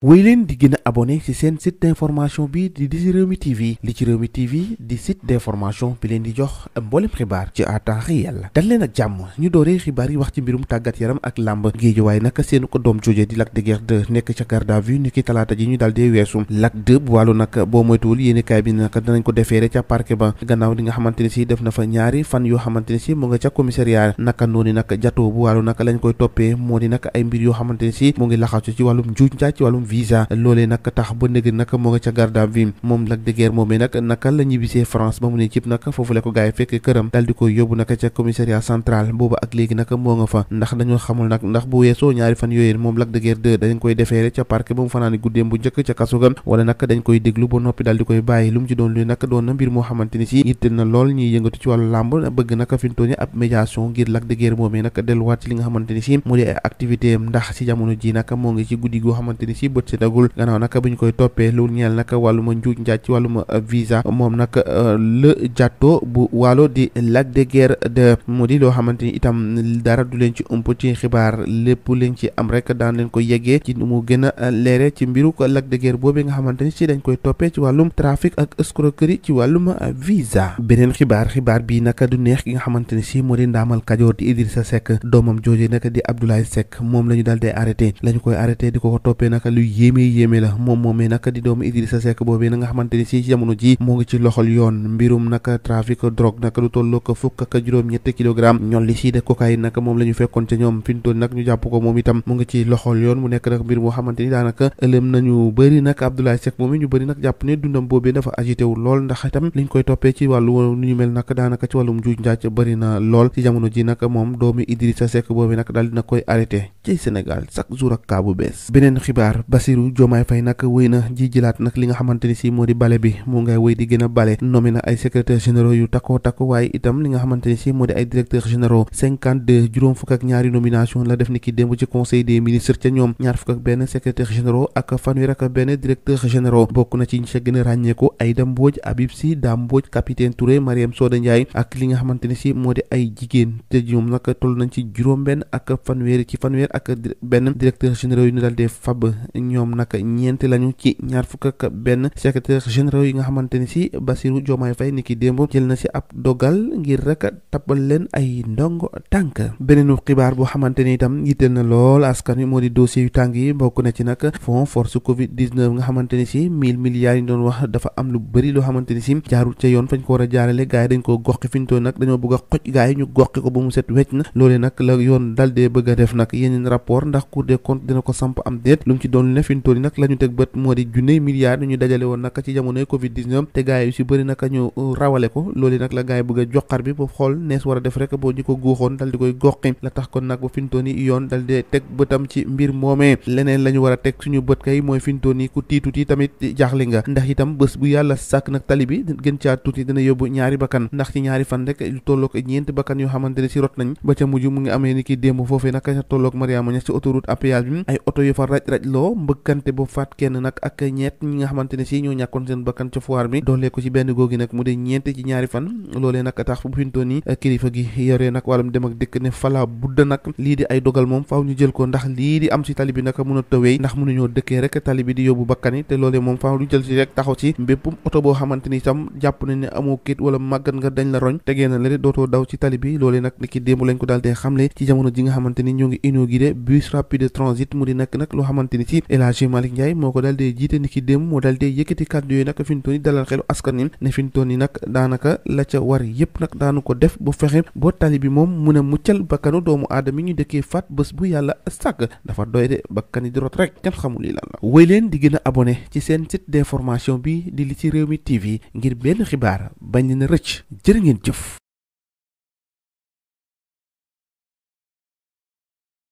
wéy leen di gën a abonné ci seen site d'information bi di di ci Rewmi TV li ci Rewmi TV di site d'information bi leen di jox mboolem xibaar ci à temps réel dal leen ak jàmm ñu dooree xibaar yi wax ci mbirum tàggat yaram ak làmb géejuwaay nag seen ko doom jooje di Lac de nekk ca garde à vue talaata ji ñu daal di weesu Lac 2 bu wàllu nag boo moytuwul yéenekaay bi nag danañ ko defeere ca parquet ba gannaaw di nga xamante ne si def na fa ñaari fan yoo xamante ne si nga ca commissariat naka noonu nag jatoo bu wàllu nag koy toppee moo di nag ay mbir yoo xamante ne si mu ngi laxasu ci wàllum wàllum visa loolee nag tax ba nëgg nag moo nga naka la ñibbisee France ba mu ne cib nag foofu la ko gars fekk këram daal di ko yóbbu nag ca commissariat ga wala nag dañ koy déglu ba noppi daal di koy bàyyi lu mu ci doon lu nag doon na mbir moo xamante ni si na lool ñuy yëngatu ci wàllu làmb bëgg nag fintooni ab médiation ngir Lac de Guiers moomee delluwaat ci li nga xamante ni mu di ay activité ndax si jamono ji nag moo ngi ci guddi bët setagul gannaaw naka bu ñu koy toppee lu ñeel naka wàlluma njuuj njaaj ci moom nag euh, le jàtto bu waalo di lac de de mu di loo xamante ni itam dara du leen ci ëmp xibaar lépp leen ci am rek daan leen ko yeggee ci mu gën a euh, leere ci mbiru lac de guerre boobu nga xamante ni si dañ koy toppee ci wàllum trafic ak escroquerie ci wàllum euh, visa beneen xibaar xibaar bii naka du neex ki nga xamante ni si moo di ndaamal kajoor di Idrissa Seck doomam jooje naka di Abdoulaye Seck moom la ñu daal di arrêté koy arrêté di ko ko toppee naka lu yéeme yéeme la moom moomee nag di doomu Idrissa Seck boobee na nga xamante ni si jamono ji moo moom la ñu fekkoon ca ñoom fi ñu toll nag ñu jàpp ko koy toppee cey Sénégal chaque jour ak kaa bu bees beneen xibaar Bassirou a bale nommé na juróom fukk ak ñaari nomination la def ni ki démb ci conseil des ministres ca ñoom ñaar fukk ak benn secrétaire généraux ak fanweer ak benn directeur généraux bokk na ci ñi ca a ràññeeku Aïda Mbodj Habib Sy Dame Mbodj capitaine Mariam Soda Ndiaye ak li nga xamante si moo di ay jigéen te ñoom nag toll nañ ci juróom benn ak fanweer ci fanweer ak benn directeur généraux yu ñu daal nag fukk benn secrétaire généraux yi nga xamante ni si Bassirou Diomaye Faye ni ki démb jël na si dogal ngir rek tabal leen ay ndongo tànk beneenu xibaar boo xamante ni itam yitteel na lool askan moo di dossier yu yi bokk na ci nag fond force covid 19 nga xamante ni si mille milliards yi doon wax dafa am lu bëri loo xamante ni si jaarul ca yoon fañ ko war a jaarale gars yi dañ ko goxi fi ñu toon nag dañoo bëgg a xoj gars ñu goxi ko nag la yoon dal dee bëgg a def nag yéen seen rapport ndax cour des comptes dina ko samp am déet lu ci doon ne fi mu toll teg bët moo di junney milliards ñu dajale woon naka ci jamonoy covid 19 te gars yi si bëri naka ñu rawale ko loolu nag la gars yi a joxar bi ba xool nees war a def rek boo ñu ko góoxoon dal di koy goqi la tax kon nag ba fintoon yi yoon dal di teg bëtam ci mbir moomee leneen la ñu a teg suñu bët kay mooy fintoon yi ku tiituti tamit jaaxle nga ndax itam bés Mariama Niass ci autoroute à péage bi ay oto yu fa raj-raj loo mbëkkante bu faat kenn nag ak ñett ñi nga xamante si ñoo ñàkkoon seen bakkan ca foire bi doolee ko ci benn googi nag mu dem ak dëkk ne fala budda nag lii di ay dogal moom faaw ñu jël ko ndax lii di am ci tali bi nag mun a tëweey ndax mënuñoo dëkkee rek tali bi di yóbbu bakkan yi te loolee moom faaw ñu jël ci rek taxaw ci bépp oto boo xamante ni itam jàpp nag ni ki démb lañ ko de bus rapide de transit mu di nekk nag loo xamante ni ci El Hadji Malick moo ko daal dee jiite ni ki démb moo daal dee yëkkati kàddu yooyu nag fi ñu toon yi dalal xelu ni ne fi yi nag daanaka la ca war yëpp nag daanu ko def bu fexe boo tali bi moom mun a muccal bakkanu doomu aadama yi ñu dëkkee faat bés bu yàlla sàkk dafa doy de bakkan yi di rot rek kenn xamul li lan la wéy leen di gën a abonné ci seen site d'information bi di li ci réew mi TV ngir benn xibaar bañ na rëcc jër ngeen jëf